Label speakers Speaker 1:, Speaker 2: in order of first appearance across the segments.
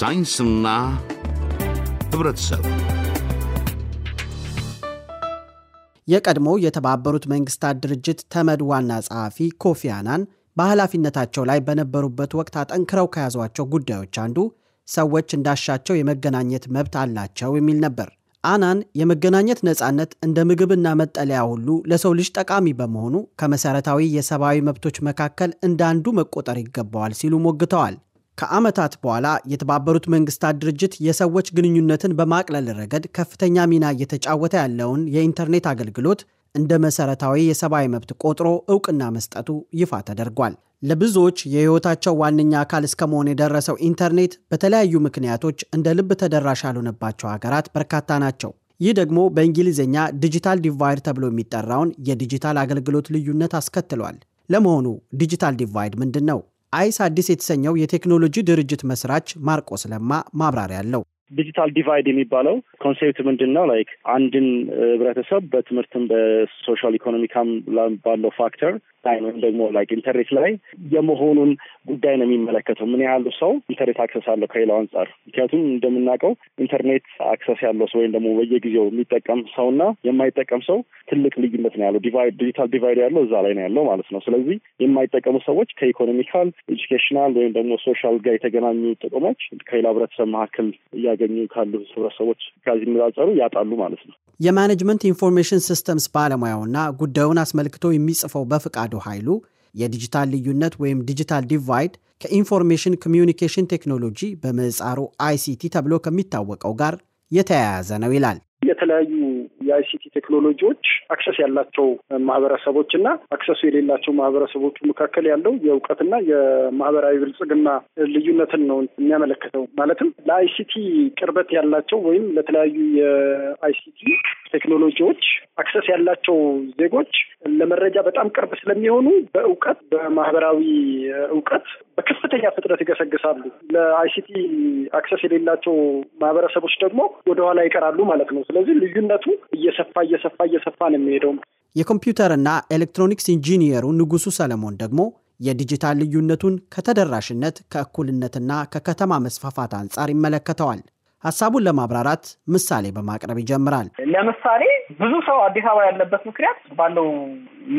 Speaker 1: ሳይንስና
Speaker 2: ህብረተሰብ የቀድሞው የተባበሩት መንግስታት ድርጅት ተመድ ዋና ጸሐፊ ኮፊ አናን በኃላፊነታቸው ላይ በነበሩበት ወቅት አጠንክረው ከያዟቸው ጉዳዮች አንዱ ሰዎች እንዳሻቸው የመገናኘት መብት አላቸው የሚል ነበር። አናን የመገናኘት ነፃነት እንደ ምግብና መጠለያ ሁሉ ለሰው ልጅ ጠቃሚ በመሆኑ ከመሠረታዊ የሰብአዊ መብቶች መካከል እንደ አንዱ መቆጠር ይገባዋል ሲሉ ሞግተዋል። ከዓመታት በኋላ የተባበሩት መንግስታት ድርጅት የሰዎች ግንኙነትን በማቅለል ረገድ ከፍተኛ ሚና እየተጫወተ ያለውን የኢንተርኔት አገልግሎት እንደ መሰረታዊ የሰብአዊ መብት ቆጥሮ እውቅና መስጠቱ ይፋ ተደርጓል። ለብዙዎች የሕይወታቸው ዋነኛ አካል እስከመሆን የደረሰው ኢንተርኔት በተለያዩ ምክንያቶች እንደ ልብ ተደራሽ ያልሆነባቸው ሀገራት በርካታ ናቸው። ይህ ደግሞ በእንግሊዝኛ ዲጂታል ዲቫይድ ተብሎ የሚጠራውን የዲጂታል አገልግሎት ልዩነት አስከትሏል። ለመሆኑ ዲጂታል ዲቫይድ ምንድን ነው? አይስ አዲስ የተሰኘው የቴክኖሎጂ ድርጅት መስራች ማርቆስ ለማ ማብራሪያ አለው።
Speaker 1: ዲጂታል ዲቫይድ የሚባለው ኮንሴፕት ምንድን ነው? ላይክ አንድን ህብረተሰብ በትምህርትም በሶሻል ኢኮኖሚካም ባለው ፋክተር ላይ ወይም ደግሞ ላይክ ኢንተርኔት ላይ የመሆኑን ጉዳይ ነው የሚመለከተው። ምን ያህሉ ሰው ኢንተርኔት አክሰስ አለው ከሌላው አንጻር። ምክንያቱም እንደምናውቀው ኢንተርኔት አክሰስ ያለው ሰው ወይም ደግሞ በየጊዜው የሚጠቀም ሰውና የማይጠቀም ሰው ትልቅ ልዩነት ነው ያለው። ዲቫይድ ዲጂታል ዲቫይድ ያለው እዛ ላይ ነው ያለው ማለት ነው። ስለዚህ የማይጠቀሙ ሰዎች ከኢኮኖሚካል ኤጁኬሽናል፣ ወይም ደግሞ ሶሻል ጋር የተገናኙ ጥቅሞች ከሌላ ህብረተሰብ መካከል እያ እያገኙ ካሉ ህብረተሰቦች ጋር ሲነጻጸሩ ያጣሉ ማለት ነው።
Speaker 2: የማኔጅመንት ኢንፎርሜሽን ሲስተምስ ባለሙያውና ጉዳዩን አስመልክቶ የሚጽፈው በፍቃዱ ኃይሉ የዲጂታል ልዩነት ወይም ዲጂታል ዲቫይድ ከኢንፎርሜሽን ኮሚዩኒኬሽን ቴክኖሎጂ በምህጻሩ አይሲቲ ተብሎ ከሚታወቀው ጋር የተያያዘ ነው ይላል።
Speaker 1: የተለያዩ የአይሲቲ ቴክኖሎጂዎች አክሰስ ያላቸው ማህበረሰቦች እና አክሰሱ የሌላቸው ማህበረሰቦቹ መካከል ያለው የእውቀትና የማህበራዊ ብልጽግና ልዩነትን ነው የሚያመለክተው። ማለትም ለአይሲቲ ቅርበት ያላቸው ወይም ለተለያዩ የአይሲቲ ቴክኖሎጂዎች አክሰስ ያላቸው ዜጎች ለመረጃ በጣም ቅርብ ስለሚሆኑ በእውቀት በማህበራዊ እውቀት በከፍተኛ ፍጥነት ይገሰግሳሉ። ለአይሲቲ አክሰስ የሌላቸው ማህበረሰቦች ደግሞ ወደኋላ ይቀራሉ ማለት ነው። ስለዚህ ልዩነቱ እየሰፋ እየሰፋ እየሰፋ ነው የሚሄደው።
Speaker 2: የኮምፒውተርና ኤሌክትሮኒክስ ኢንጂኒየሩ ንጉሱ ሰለሞን ደግሞ የዲጂታል ልዩነቱን ከተደራሽነት ከእኩልነትና ከከተማ መስፋፋት አንጻር ይመለከተዋል። ሀሳቡን ለማብራራት ምሳሌ በማቅረብ ይጀምራል።
Speaker 3: ለምሳሌ ብዙ ሰው አዲስ አበባ ያለበት ምክንያት ባለው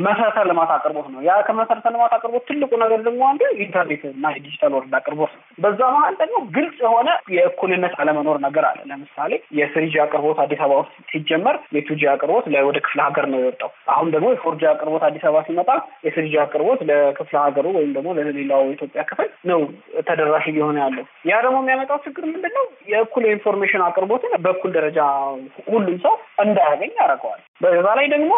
Speaker 3: መሰረተ ልማት አቅርቦት ነው። ያ ከመሰረተ ልማት አቅርቦት ትልቁ ነገር ደግሞ አንዱ ኢንተርኔት እና የዲጂታል ወርልድ አቅርቦት ነው። በዛ መሀል ደግሞ ግልጽ የሆነ የእኩልነት አለመኖር ነገር አለ። ለምሳሌ የስሪጂ አቅርቦት አዲስ አበባ ውስጥ ሲጀመር የቱጂ አቅርቦት ወደ ክፍለ ሀገር ነው የወጣው። አሁን ደግሞ የፎርጂ አቅርቦት አዲስ አበባ ሲመጣ የስሪጂ አቅርቦት ለክፍለ ሀገሩ ወይም ደግሞ ለሌላው የኢትዮጵያ ክፍል ነው ተደራሽ እየሆነ ያለው። ያ ደግሞ የሚያመጣው ችግር ምንድን ነው? የእኩል የኢንፎርሜሽን አቅርቦትን በእኩል ደረጃ ሁሉም ሰው እንዳያገኝ ያደርገዋል። በዛ ላይ ደግሞ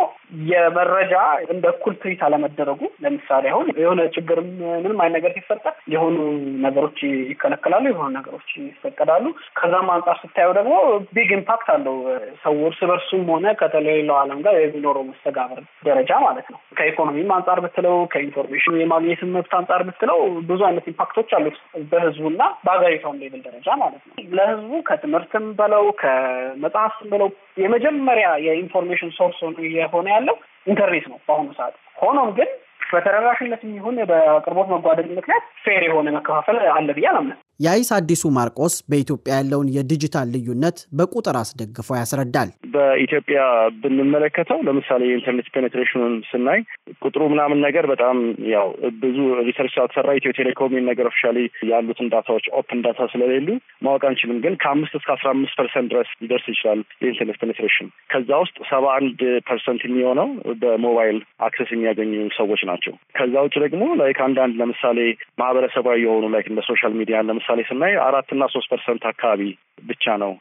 Speaker 3: የመረጃ እንደ እኩል ትሪት አለመደረጉ፣ ለምሳሌ አሁን የሆነ ችግር ምንም አይነት ነገር ሲፈጠር የሆኑ ነገሮች ይከለከላሉ፣ የሆኑ ነገሮች ይፈቀዳሉ። ከዛም አንጻር ስታየው ደግሞ ቢግ ኢምፓክት አለው ሰው እርስ በርሱም ሆነ ከተለሌለው ዓለም ጋር የሚኖረው መስተጋብር ደረጃ ማለት ነው። ከኢኮኖሚም አንጻር ብትለው፣ ከኢንፎርሜሽኑ የማግኘት መብት አንጻር ብትለው ብዙ አይነት ኢምፓክቶች አሉት በህዝቡና በሀገሪቷም ሌብል ደረጃ ማለት ነው ለህዝቡ ከትምህርትም በለው ከመጽሐፍ በለው የመጀመሪያ የኢንፎርሜሽን ሶርስ የሆነ ያለው ኢንተርኔት ነው በአሁኑ ሰዓት። ሆኖም ግን በተደራሽነት የሚሆን በአቅርቦት መጓደል ምክንያት ፌር የሆነ መከፋፈል አለ ብዬ አላምንም።
Speaker 2: የአይስ አዲሱ ማርቆስ በኢትዮጵያ ያለውን የዲጂታል ልዩነት በቁጥር አስደግፎ ያስረዳል።
Speaker 1: በኢትዮጵያ ብንመለከተው ለምሳሌ የኢንተርኔት ፔኔትሬሽኑን ስናይ ቁጥሩ ምናምን ነገር በጣም ያው ብዙ ሪሰርች ስላልተሰራ ኢትዮ ቴሌኮም ነገር ኦፊሻሊ ያሉትን ዳታዎች ኦፕን ዳታ ስለሌሉ ማወቅ አንችልም። ግን ከአምስት እስከ አስራ አምስት ፐርሰንት ድረስ ሊደርስ ይችላል የኢንተርኔት ፔኔትሬሽን። ከዛ ውስጥ ሰባ አንድ ፐርሰንት የሚሆነው በሞባይል አክሰስ የሚያገኙ ሰዎች ናቸው። ከዛ ውጭ ደግሞ ላይክ አንዳንድ ለምሳሌ ማህበረሰባዊ የሆኑ ላይክ እንደ ሶሻል ሚዲያ ለምሳሌ ለምሳሌ ስናይ አራት እና ሶስት ፐርሰንት አካባቢ ብቻ ነው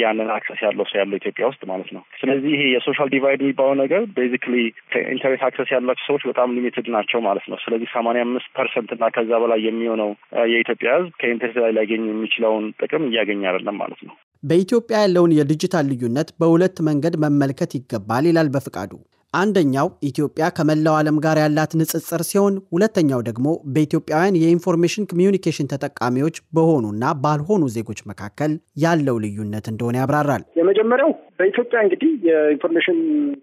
Speaker 1: ያንን አክሰስ ያለው ሰው ያለው ኢትዮጵያ ውስጥ ማለት ነው። ስለዚህ ይሄ የሶሻል ዲቫይድ የሚባለው ነገር ቤዚክሊ ኢንተርኔት አክሰስ ያላቸው ሰዎች በጣም ሊሚትድ ናቸው ማለት ነው። ስለዚህ ሰማንያ አምስት ፐርሰንት እና ከዛ በላይ የሚሆነው የኢትዮጵያ ሕዝብ ከኢንተርኔት ላይ ሊያገኝ የሚችለውን ጥቅም እያገኘ አይደለም ማለት ነው።
Speaker 2: በኢትዮጵያ ያለውን የዲጂታል ልዩነት በሁለት መንገድ መመልከት ይገባል ይላል በፍቃዱ። አንደኛው ኢትዮጵያ ከመላው ዓለም ጋር ያላት ንጽጽር ሲሆን ሁለተኛው ደግሞ በኢትዮጵያውያን የኢንፎርሜሽን ኮሚዩኒኬሽን ተጠቃሚዎች በሆኑና ባልሆኑ ዜጎች መካከል ያለው ልዩነት እንደሆነ ያብራራል።
Speaker 1: የመጀመሪያው በኢትዮጵያ እንግዲህ የኢንፎርሜሽን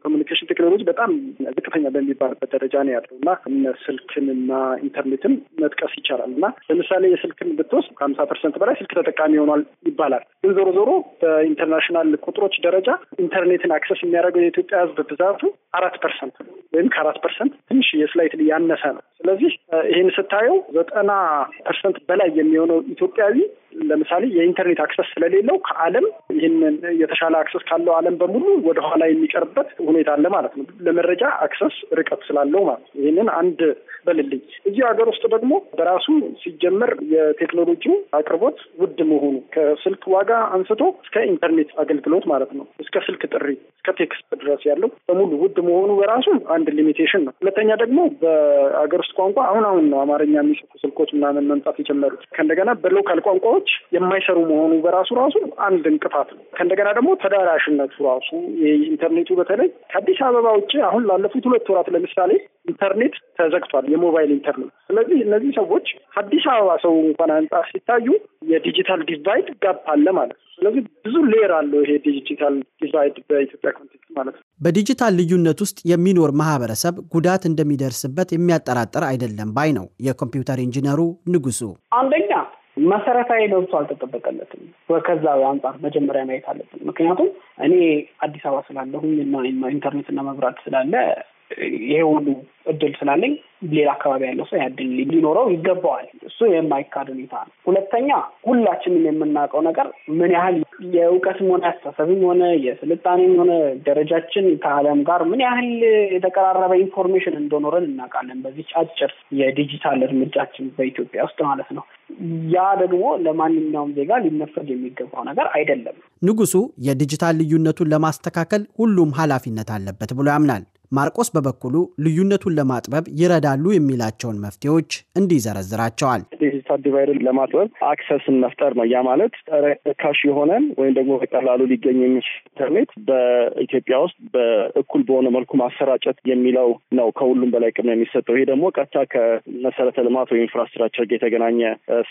Speaker 1: ኮሚኒኬሽን ቴክኖሎጂ በጣም ዝቅተኛ በሚባልበት ደረጃ ነው ያለው እና እነ ስልክንና ኢንተርኔትን መጥቀስ ይቻላል እና ለምሳሌ የስልክን ብትወስድ ከሀምሳ ፐርሰንት በላይ ስልክ ተጠቃሚ ሆኗል ይባላል። ግን ዞሮ ዞሮ በኢንተርናሽናል ቁጥሮች ደረጃ ኢንተርኔትን አክሰስ የሚያደርገው የኢትዮጵያ ሕዝብ ብዛቱ አራት ፐርሰንት ነው ወይም ከአራት ፐርሰንት ትንሽ የስላይት ያነሰ ነው። ስለዚህ ይህን ስታየው ዘጠና ፐርሰንት በላይ የሚሆነው ኢትዮጵያዊ ለምሳሌ የኢንተርኔት አክሰስ ስለሌለው ከዓለም ይህንን የተሻለ አክሰስ ካለው ዓለም በሙሉ ወደኋላ የሚቀርበት ሁኔታ አለ ማለት ነው። ለመረጃ አክሰስ ርቀት ስላለው ማለት ነው። ይህንን አንድ በልልኝ። እዚህ ሀገር ውስጥ ደግሞ በራሱ ሲጀመር የቴክኖሎጂው አቅርቦት ውድ መሆኑ ከስልክ ዋጋ አንስቶ እስከ ኢንተርኔት አገልግሎት ማለት ነው እስከ ስልክ ጥሪ እስከ ቴክስት ድረስ ያለው በሙሉ ውድ መሆኑ በራሱ አንድ ሊሚቴሽን ነው። ሁለተኛ ደግሞ በአገር ውስጥ ቋንቋ አሁን አሁን ነው አማርኛ የሚጽፉ ስልኮች ምናምን መምጣት የጀመሩት። ከእንደገና በሎካል ቋንቋዎች ሰዎች የማይሰሩ መሆኑ በራሱ ራሱ አንድ እንቅፋት ነው። ከእንደገና ደግሞ ተዳራሽነቱ ራሱ ኢንተርኔቱ በተለይ ከአዲስ አበባ ውጭ አሁን ላለፉት ሁለት ወራት ለምሳሌ ኢንተርኔት ተዘግቷል፣ የሞባይል ኢንተርኔት። ስለዚህ እነዚህ ሰዎች አዲስ አበባ ሰው እንኳን አንጻር ሲታዩ የዲጂታል ዲቫይድ ጋፕ አለ ማለት ነው። ስለዚህ ብዙ ሌየር አለው ይሄ ዲጂታል ዲቫይድ በኢትዮጵያ ኮንቴክስት ማለት ነው።
Speaker 2: በዲጂታል ልዩነት ውስጥ የሚኖር ማህበረሰብ ጉዳት እንደሚደርስበት የሚያጠራጥር አይደለም ባይ ነው የኮምፒውተር ኢንጂነሩ ንጉሱ።
Speaker 3: አንደኛ መሰረታዊ መብቱ አልተጠበቀለትም። ከዛ አንጻር መጀመሪያ ማየት አለብን። ምክንያቱም እኔ አዲስ አበባ ስላለሁኝ እና ኢንተርኔት እና መብራት ስላለ ይሄ ሁሉ እድል ስላለኝ ሌላ አካባቢ ያለው ሰው ያድል ሊኖረው ይገባዋል። እሱ የማይካድ ሁኔታ ነው። ሁለተኛ ሁላችንም የምናውቀው ነገር ምን ያህል የእውቀትም ሆነ አስተሳሰብም ሆነ የስልጣኔም ሆነ ደረጃችን ከዓለም ጋር ምን ያህል የተቀራረበ ኢንፎርሜሽን እንደኖረን እናውቃለን። በዚህ አጭር የዲጂታል እርምጃችን በኢትዮጵያ ውስጥ ማለት ነው። ያ ደግሞ ለማንኛውም ዜጋ ሊነፈግ የሚገባው ነገር አይደለም።
Speaker 2: ንጉሱ የዲጂታል ልዩነቱን ለማስተካከል ሁሉም ኃላፊነት አለበት ብሎ ያምናል። ማርቆስ በበኩሉ ልዩነቱን ለማጥበብ ይረዳሉ የሚላቸውን መፍትሄዎች እንዲህ ይዘረዝራቸዋል።
Speaker 1: ዲቫይድን ለማጥበብ አክሰስን መፍጠር ነው። ያ ማለት ርካሽ የሆነን ወይም ደግሞ በቀላሉ ሊገኝ የሚችል ኢንተርኔት በኢትዮጵያ ውስጥ በእኩል በሆነ መልኩ ማሰራጨት የሚለው ነው ከሁሉም በላይ ቅድሚያ የሚሰጠው። ይሄ ደግሞ ቀጥታ ከመሰረተ ልማት ወይም ኢንፍራስትራክቸር ጋር የተገናኘ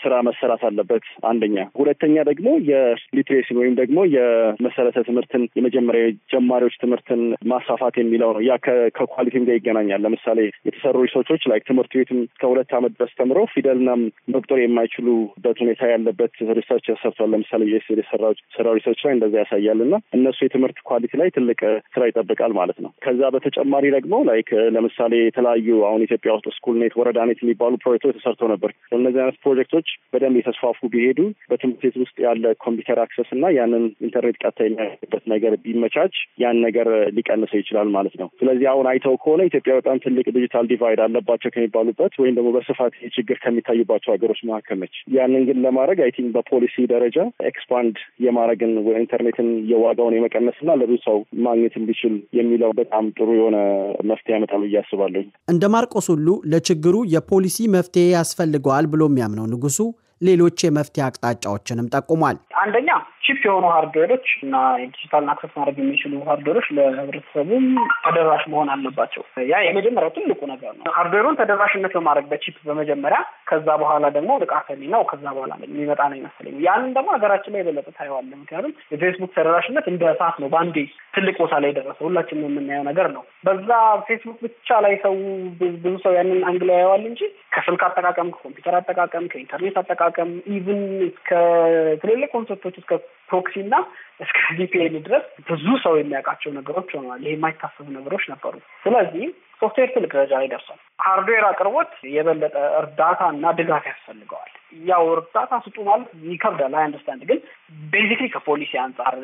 Speaker 1: ስራ መሰራት አለበት አንደኛ። ሁለተኛ ደግሞ የሊትሬሲ ወይም ደግሞ የመሰረተ ትምህርትን የመጀመሪያ ጀማሪዎች ትምህርትን ማስፋፋት የሚለው ነው ያ ከኳሊቲም ጋር ይገናኛል። ለምሳሌ የተሰሩ ሪሰርቾች ላይ ትምህርት ቤትም ከሁለት ዓመት ድረስ ተምረው ፊደልና መቁጠር የማይችሉበት ሁኔታ ያለበት ሪሰርች ተሰርቷል። ለምሳሌ ዩኤስኤድ የሰራው ሪሰርች ላይ እንደዛ ያሳያል እና እነሱ የትምህርት ኳሊቲ ላይ ትልቅ ስራ ይጠብቃል ማለት ነው። ከዛ በተጨማሪ ደግሞ ላይክ ለምሳሌ የተለያዩ አሁን ኢትዮጵያ ውስጥ ስኩል ኔት፣ ወረዳ ኔት የሚባሉ ፕሮጀክቶች ተሰርተው ነበር። እነዚህ አይነት ፕሮጀክቶች በደንብ የተስፋፉ ቢሄዱ በትምህርት ቤት ውስጥ ያለ ኮምፒውተር አክሰስ እና ያንን ኢንተርኔት ቀጥታ የሚያበት ነገር ቢመቻች ያን ነገር ሊቀንሰው ይችላል ማለት ነው። ስለዚህ ስለዚህ አሁን አይተው ከሆነ ኢትዮጵያ በጣም ትልቅ ዲጂታል ዲቫይድ አለባቸው ከሚባሉበት ወይም ደግሞ በስፋት ችግር ከሚታዩባቸው ሀገሮች መካከል ነች። ያንን ግን ለማድረግ አይ ቲንክ በፖሊሲ ደረጃ ኤክስፓንድ የማድረግን ኢንተርኔትን የዋጋውን የመቀነስና ለብዙ ሰው ማግኘት እንዲችል የሚለው በጣም ጥሩ የሆነ መፍትሄ ያመጣል ብዬ አስባለሁ።
Speaker 2: እንደ ማርቆስ ሁሉ ለችግሩ የፖሊሲ መፍትሄ ያስፈልገዋል ብሎ የሚያምነው ንጉሱ ሌሎች የመፍትሄ አቅጣጫዎችንም ጠቁሟል።
Speaker 3: አንደኛ ቺፕ የሆኑ ሀርድዌሮች እና የዲጂታልን አክሰስ ማድረግ የሚችሉ ሀርድዌሮች ለህብረተሰቡም ተደራሽ መሆን አለባቸው። ያ የመጀመሪያው ትልቁ ነገር ነው። ሀርድዌሩን ተደራሽነት በማድረግ በቺፕ በመጀመሪያ፣ ከዛ በኋላ ደግሞ ንቃተ ነው ከዛ በኋላ የሚመጣ ነው ይመስለኝ። ያንን ደግሞ ሀገራችን ላይ የበለጠ ታየዋለህ። ምክንያቱም የፌስቡክ ተደራሽነት እንደ እሳት ነው፣ በአንዴ ትልቅ ቦታ ላይ የደረሰ ሁላችንም የምናየው ነገር ነው። በዛ ፌስቡክ ብቻ ላይ ሰው ብዙ ሰው ያንን አንግላ ያየዋል እንጂ ከስልክ አጠቃቀም፣ ከኮምፒውተር አጠቃቀም፣ ከኢንተርኔት አጠቃቀም ኢቭን ከትልልቅ ኮንሰርቶች እስከ ፕሮክሲ እና እስከ ቪፒኤን ድረስ ብዙ ሰው የሚያውቃቸው ነገሮች ሆነዋል። ይሄ የማይታሰቡ ነገሮች ነበሩ። ስለዚህ ሶፍትዌር ትልቅ ደረጃ ላይ ደርሷል። ሃርድዌር አቅርቦት የበለጠ እርዳታ እና ድጋፍ ያስፈልገዋል። ያው እርዳታ ስጡ ማለት ይከብዳል። አይ አንደርስታንድ ግን ቤዚክሊ ከፖሊሲ አንጻር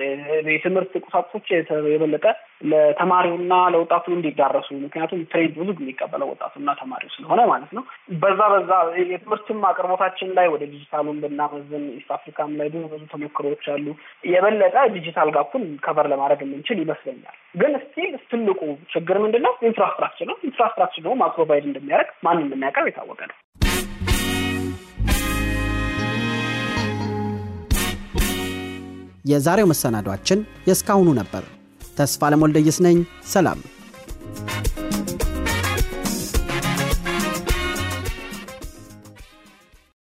Speaker 3: የትምህርት ቁሳቁሶች የበለጠ ለተማሪውና ለወጣቱ እንዲዳረሱ ምክንያቱም ትሬድ ብዙ የሚቀበለው ወጣቱና ተማሪው ስለሆነ ማለት ነው። በዛ በዛ የትምህርትም አቅርቦታችን ላይ ወደ ዲጂታሉን ብናመዝን ኢስት አፍሪካም ላይ ብዙ ብዙ ተሞክሮዎች አሉ። የበለጠ ዲጂታል ጋፑን ከቨር ለማድረግ የምንችል ይመስለኛል። ግን ስቲል ትልቁ ችግር ምንድን ነው? ኢንፍራስትራክቸር ነው። ኢንፍራስትራክቸር ደግሞ ማፕሮቫይድ እንደሚያደርግ ማንም የምናውቀው የታወቀ ነው።
Speaker 2: የዛሬው መሰናዷችን የስካሁኑ ነበር። ተስፋ ለሞልደየስ ነኝ። ሰላም።